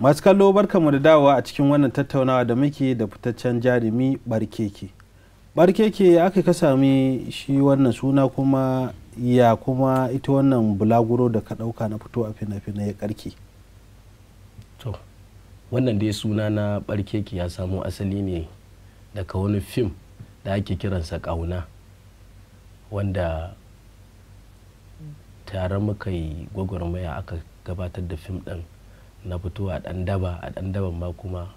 masu kallo barkamu da dawowa a cikin wannan tattaunawa da muke da fitaccen jarumi barkeke barkeke aka ka sami shi wannan suna kuma ya kuma ita wannan bulaguro da ka dauka na fito a fina fina ya karke to wannan dai suna na barkeke ya samo asali ne daga wani fim da ake kiransa kauna wanda tare muka yi gwagwarmaya aka gabatar da fim ɗin na fito a dan daba a dan daban ma kuma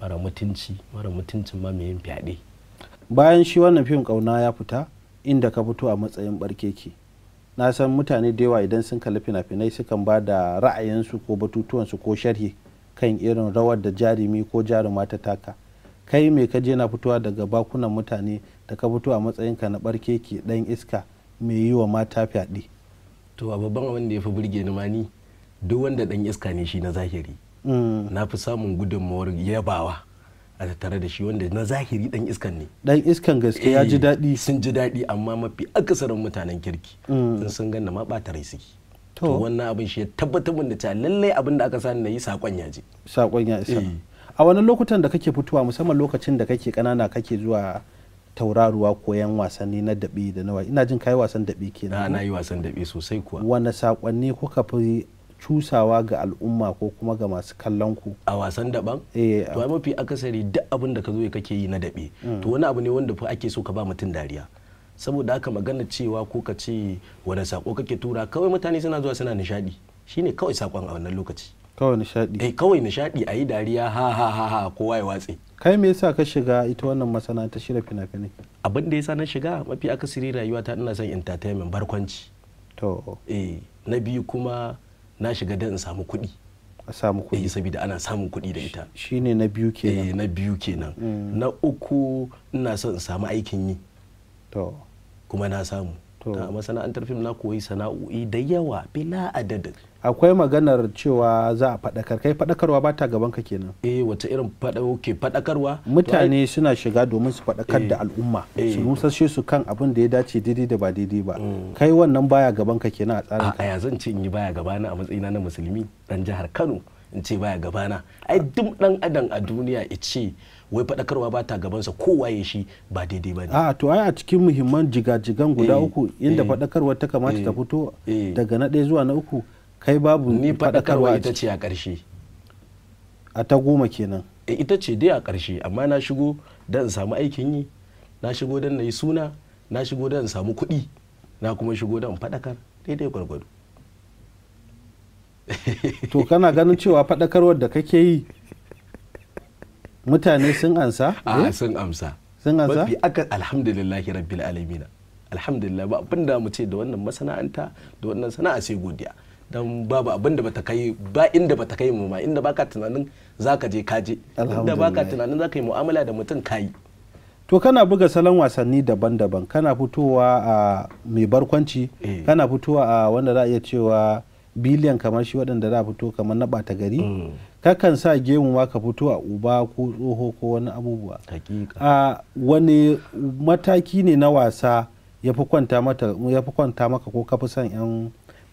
mara mutunci mara mutuncin ma mai yin fyaɗe bayan shi wannan fim kauna ya fita inda ka fito a matsayin barkeke na san mutane da yawa idan sun kalli fina-finai sukan ba da ra'ayinsu ko batutuwansu ko sharhi kan irin rawar da jarumi ko jaruma ta taka kai mai kaje na fitowa daga bakunan mutane da ka fito a matsayin ka na barkeke dan iska mai yi wa mata fyaɗe to a babban abin da ya fi burge ni ma ni duk wanda dan iska ne shi na zahiri mm. na fi samun gudunmawar yabawa a tattare da shi wanda na zahiri dan iskan ne dan iskan gaske ya ji eh, daɗi sun ji daɗi amma mafi akasarin mutanen kirki sun mm. sun ganna ma ɓata rai suke to wannan abin shi ya tabbatar mun da cewa lallai abin da aka sani na yi sakon ya je sakon ya isa eh. a wani lokutan da kake fitowa musamman lokacin da kake kanana kake zuwa tauraruwa koyan wasanni na daɓe da nawa ina jin kai wasan daɓe kenan na yi wasan daɓe sosai kuwa wani sakonni kuka fi cusawa ga al'umma ko kuma ga masu kallon ku a wasan daban eh, to ai mafi akasari duk abin da ka zo kake yi na dabe mm. to wani abu ne wanda fa ake so ka ba mutum dariya saboda haka magana cewa ko ka ce wani sako kake tura kawai mutane suna zuwa suna nishadi shine kawai sakon a wannan lokaci kawai nishadi eh kawai nishadi a yi dariya ha ha ha ha kowa ya watse kai me yasa ka shiga ita wannan masana'anta shirya fina-finai abin da yasa na shiga mafi akasari rayuwa ta ina son entertainment barkwanci to eh na biyu kuma na shiga don in samu kuɗi a samu kuɗi eh, saboda ana samun kuɗi da ita shine na biyu kenan eh, na biyu kenan mm. na uku ina son in samu aikin yi to kuma na samu a masana'antar fim na koyi sana'o'i da yawa bila adadin akwai maganar cewa za a faɗakar kai faɗakarwa ba ta gaban ka kenan eh wata irin ke faɗakarwa mutane suna shiga domin su faɗakar da eh. al'umma eh. su nusashe su kan abin da ya dace daidai da ba daidai ba mm. kai wannan baya gaban ka kenan a tsarin ka ya zan ce in yi baya gabana a matsayina na musulmi dan jihar Kano in ce baya gabana ai duk dan adam a duniya ya ce wai faɗakarwa ba ta gabansa waye shi ba daidai ba ne a to ai a cikin muhimman jigajigan guda eh, uku inda eh, faɗakarwa ta kamata ta eh, fito daga na ɗaya zuwa na uku kai babu ni faɗakarwa ita ce a ƙarshe a ta goma kenan ita ce dai a ƙarshe amma na shigo don in samu aikin yi na shigo don na yi suna na shigo don in samu kuɗi na kuma shigo don faɗakar daidai gwargwado to kana ganin cewa faɗakarwar da kake yi mutane sun ansa a ah, eh? sun amsa sun ansa mafi aka alhamdulillahi rabbil alamina alhamdulillah ba abin da mu ce da wannan masana'anta da wannan sana'a sai godiya don babu abin da bata kai ba inda bata kai mu ma inda baka tunanin zaka je kaje inda baka tunanin zaka yi mu'amala da mutum kayi to kana buga salon wasanni daban-daban kana fitowa a mai barkwanci eh. kana fitowa a wanda za a iya cewa biliyan kamar shi waɗanda za a fito kamar na ɓata gari mm. kakan sa gemu ma ka fito a uba ko tsoho ko wani abubuwa a wani mataki ne na wasa ya fi kwanta maka ko ka fi son yan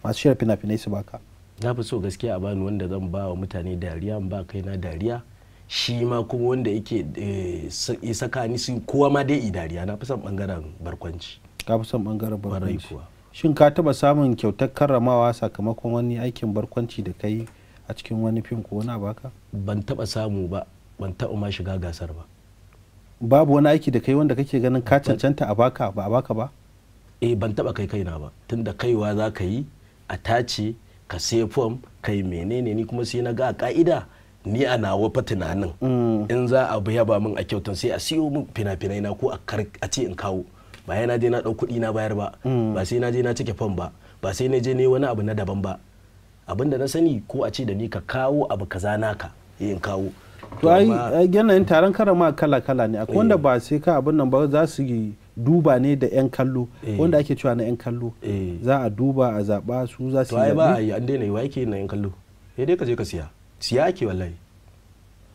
masu shirya fina-finai su baka na fi so gaskiya a bani wanda zan ba wa mutane dariya ba kaina dariya shi ma kuma wanda yake eh, saka ni su kowa ma dai dariya na fi son bangaren barkwanci ka fi son bangaren barkwanci shin ka taba samun kyautar karramawa sakamakon wani aikin barkwanci da kai a cikin wani fim ko wani ban taba samu ba ban taba ma shiga gasar ba babu wani aiki da kai wanda kake ganin ka cancanta a baka ba a baka ba eh ban taba kai kaina ba tunda kaiwa za ka yi a tace ka sai fom kai menene ni kuma sai na ga a ka'ida ni a nawa fa tunanin mm. in za a biya ba min a kyautan sai a siyo min fina-finai na ko a ce in kawo ba yana je na ɗau kuɗi na bayar ba mm. ba sai na je na cike fom ba ba sai na je ne wani abu na daban ba abin da na sani ko a ce da ni ka kawo abu kaza naka yin eh, kawo to ai yanayin taron karama kala kala ne akwai wanda eh. ba sai ka abin nan ba za su yi duba ne da 'yan kallo eh. wanda ake cewa na 'yan kallo za a duba a zaba su za su yi ba a yi an daina yi wa yake na 'yan kallo sai dai ka je ka siya siya ake wallahi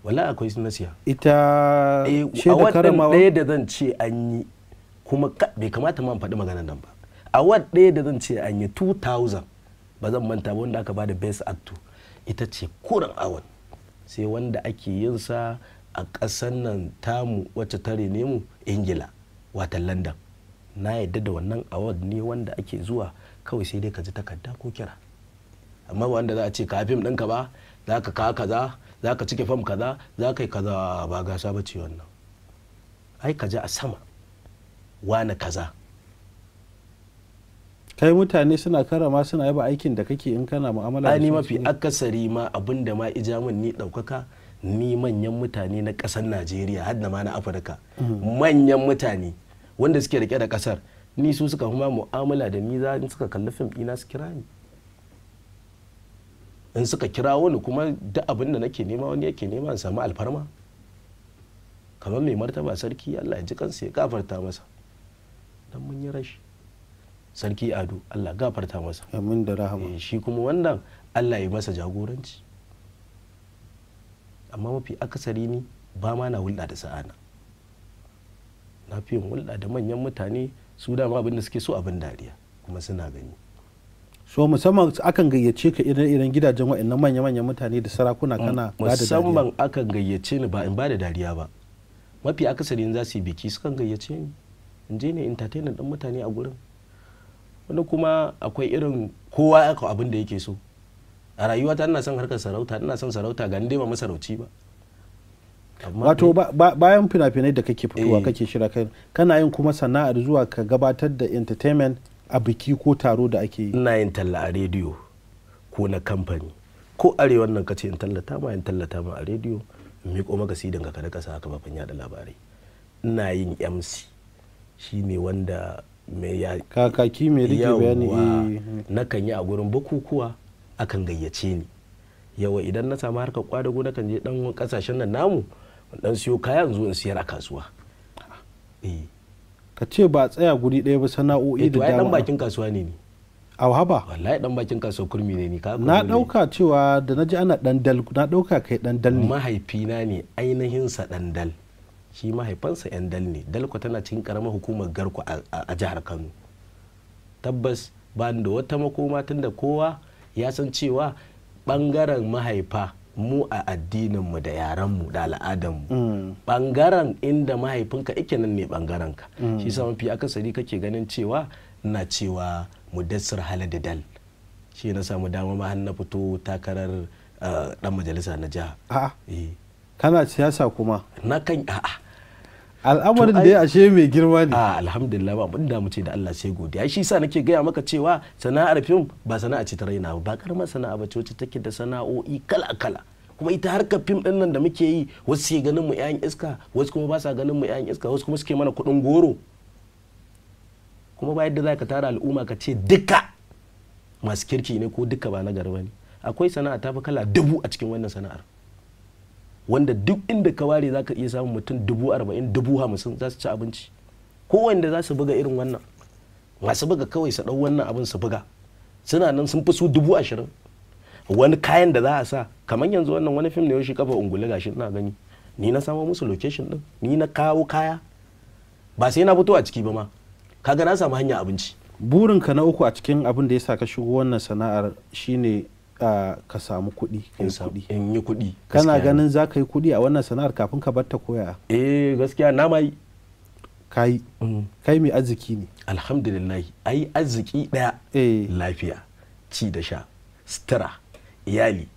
wallahi akwai na siya ita ce da karama ɗaya da zan ce an yi kuma bai kamata man faɗi maganar nan ba a wadda ɗaya da zan ce an yi 2000 ba zan manta ba wanda aka bada best actor ita ce kuran awon sai wanda ake yin sa a ƙasan nan tamu wacce ta rene mu ingila watan london na yadda da wannan award ne wanda ake zuwa kawai sai dai ka ji takarda ko kira amma ba wanda za a ce ka fim ɗinka ba za ka kawo kaza za ka cike fam kaza za ka yi kaza ba gasa ba ce wannan ai ka ji a sama wane kaza kai mutane suna karama suna yaba aikin da kake in kana mu'amala da ni mafi akasari ma abin da ma ija min ni daukaka ni manyan mutane na kasar Najeriya har da ma na Afirka mm. manyan mutane wanda suke rike da kasar ni su suka kuma mu'amala da ni za suka kalli fim ina su kira ni in suka kira wani kuma duk abin da nake nema wani yake nema in samu alfarma kamar mai martaba sarki Allah ya ji kansa ya kafarta masa dan mun yi rashi sarki ado allah gafarta masa amin da rahama eh, shi kuma wannan allah ya masa jagoranci amma mafi akasari ni ba ma na hulɗa da sa'ana na fi hulɗa da manyan mutane su da abin da suke so abin dariya kuma suna gani so musamman akan gayyace ka irin irin gidajen waɗannan manya manyan mutane da sarakuna mm, kana ba da dariya musamman akan gayyace ni ba in ba da dariya ba mafi akasari za su yi biki sukan gayyace ni in je ne entertainer ɗin mutane a gurin wani kuma akwai irin kowa ya abin da yake so a rayuwata ta ina son harkar sarauta ina son sarauta ga ba masarauci ba wato bayan fina-finai da kake fitowa eh. kake shira kai kana yin kuma sana'ar zuwa ka gabatar da entertainment a biki ko taro da ake yi ina yin talla a rediyo ko na kamfani ko arewan nan kace in tallata ma in tallata ma a rediyo in miƙo maka sidin ka kada kasa haka bafan yada labarai ina yin mc shine wanda me ya kakaki me rike bayani eh. kan yi a gurin bukukuwa akan gayyace ni yawa idan na samu harkar kwadago na kan je dan kasashen nan namu dan siyo kaya in zo in siyar a kasuwa eh. ka ce ba tsaya guri ɗaya ba sana'o'i eh, da dama dan bakin kasuwa ne ni a haba wallahi dan bakin kasuwa kurmi ne ni na dauka cewa da naji ana dan dal na dauka kai dan dal ne mahaifina ne ainihin sa dan dal shi mahaifansa 'yan dal ne dalko tana cikin karamar hukumar garko a jihar kano tabbas ba da wata makoma da kowa ya san cewa bangaren mahaifa mu a addininmu da yarenmu da mu bangaren mm. inda mahaifinka ike nan ne bangarenka mm. shi sa mafi akasari kake ganin cewa na cewa mu dasar da dal shi na samu dama ma na fito takarar dan eh, majalisa na jiha eh. kana siyasa kuma na kan a'a al'amarin da ya ashe mai girma ne a alhamdulillah ba abin da mu ce da Allah sai godiya shi yasa nake gaya maka cewa sana'ar fim ba sana'a ce ta raina ba karamar sana'a ba ce wacce take da sana'o'i kala kala kuma ita harkar fim din nan da muke yi wasu sai ganin mu yayan iska wasu kuma ba sa ganin mu yayan iska wasu kuma suke mana kuɗin goro kuma ba yadda zaka tara al'umma ka ce duka masu kirki ne ko duka ba na garba ne akwai sana'a ta fi kala dubu a cikin wannan sana'ar wanda duk inda ka ware zaka iya samun mutum dubu arba'in dubu hamsin za su ci abinci ko wanda za su buga irin wannan masu buga kawai su ɗau wannan abin su buga suna nan sun fi su dubu ashirin wani kayan da za a sa kamar yanzu wannan wani fim ne shi kafa ungulu gashi ina gani ni na samo musu location din ni na kawo kaya ba sai na fito a ciki ba ma kaga na samu hanya abinci burin ka na uku a cikin abin da ya sa ka shigo wannan sana'ar shine ka samu kuɗi in yi kuɗi kana ganin za ka yi kuɗi a wannan sana'ar kafin ka bar ta koya eh gaskiya na mai yi kai mm. kai mai arziki ne alhamdulillah ai arziki daya eh. lafiya ci da sha sutura iyali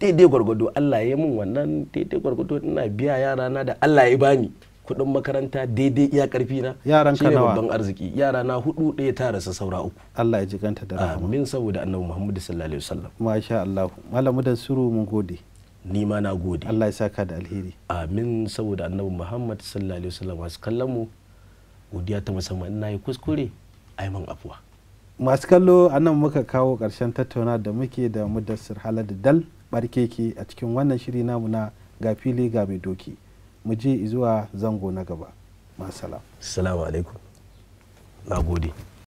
daidai gwargwado Allah ya mun wannan daidai gwargwado ina biya yara na da Allah ya bani kuɗin makaranta daidai iya karfi na yaran kanawa shine babban arziki yara na hudu ɗaya tara su saura uku Allah ya jiganta da rahama min saboda annabi Muhammad sallallahu alaihi wasallam masha Allah malamu da suru mun gode ni ma na gode Allah ya saka da alheri amin saboda annabi Muhammad sallallahu alaihi wasallam masu kallon mu godiya ta musamman ina yi kuskure ai man afuwa masu kallo anan muka kawo karshen tattauna da muke da mudassir haladu dal barkeke a cikin wannan shiri namu na ga fili ga mai doki mu je zuwa zango na gaba masala assalamu alaikum na gode